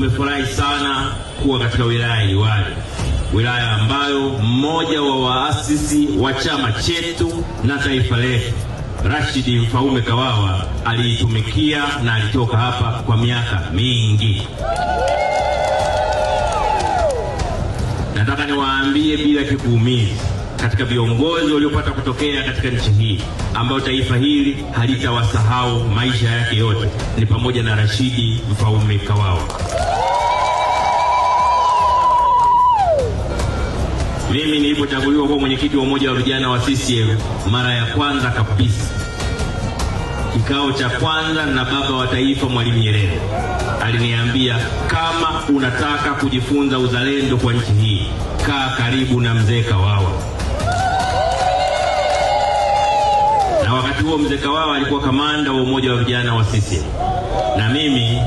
tumefurahi sana kuwa katika wilaya ya Liwale, wilaya ambayo mmoja wa waasisi wa chama chetu na taifa letu Rashidi Mfaume Kawawa aliitumikia na alitoka hapa kwa miaka mingi. Nataka niwaambie bila kikuumizi, katika viongozi waliopata kutokea katika nchi hii ambayo taifa hili halitawasahau maisha yake yote ni pamoja na Rashidi Mfaume Kawawa. Mimi nilipochaguliwa kuwa mwenyekiti wa umoja wa vijana wa CCM mara ya kwanza kabisa, kikao cha kwanza na baba wa taifa Mwalimu Nyerere aliniambia, kama unataka kujifunza uzalendo kwa nchi hii, kaa karibu na mzee Kawawa. Na wakati huo mzee Kawawa alikuwa kamanda wa umoja wa vijana wa CCM na mimi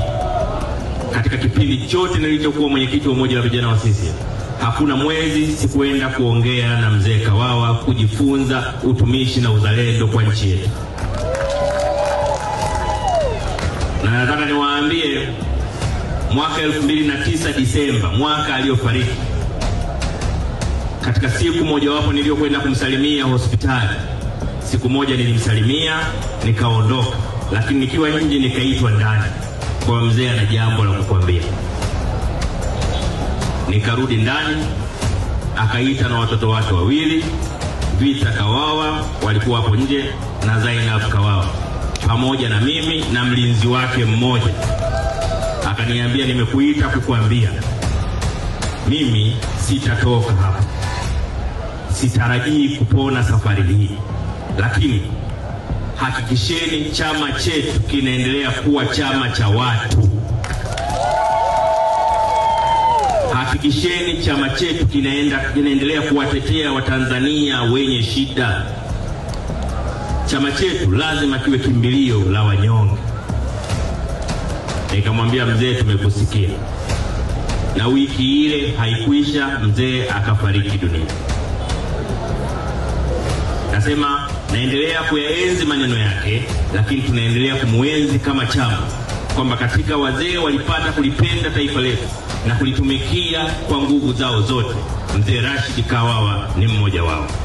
katika kipindi chote nilichokuwa mwenyekiti wa umoja wa vijana wa CCM hakuna mwezi sikuenda kuongea na mzee Kawawa kujifunza utumishi na uzalendo kwa nchi yetu, na nataka niwaambie mwaka 2009 Disemba, mwaka aliyofariki, katika siku mojawapo niliyokwenda kumsalimia hospitali, siku moja nilimsalimia nikaondoka, lakini nikiwa nje nikaitwa ndani kwa mzee, ana jambo la kukwambia. Nikarudi ndani, akaita na watoto wake wawili, Vita Kawawa walikuwa hapo nje na Zainab Kawawa pamoja na mimi na mlinzi wake mmoja. Akaniambia, nimekuita kukuambia mimi sitatoka hapa, sitarajii kupona safari hii, lakini hakikisheni chama chetu kinaendelea kuwa chama cha watu. hakikisheni chama chetu kinaenda kinaendelea kuwatetea Watanzania wenye shida. Chama chetu lazima kiwe kimbilio la wanyonge. Nikamwambia mzee, tumekusikia. Na wiki ile haikuisha, mzee akafariki dunia. Nasema naendelea kuyaenzi maneno yake, lakini tunaendelea kumuenzi kama chama, kwamba katika wazee walipata kulipenda taifa letu na kulitumikia kwa nguvu zao zote. Mzee Rashid Kawawa ni mmoja wao.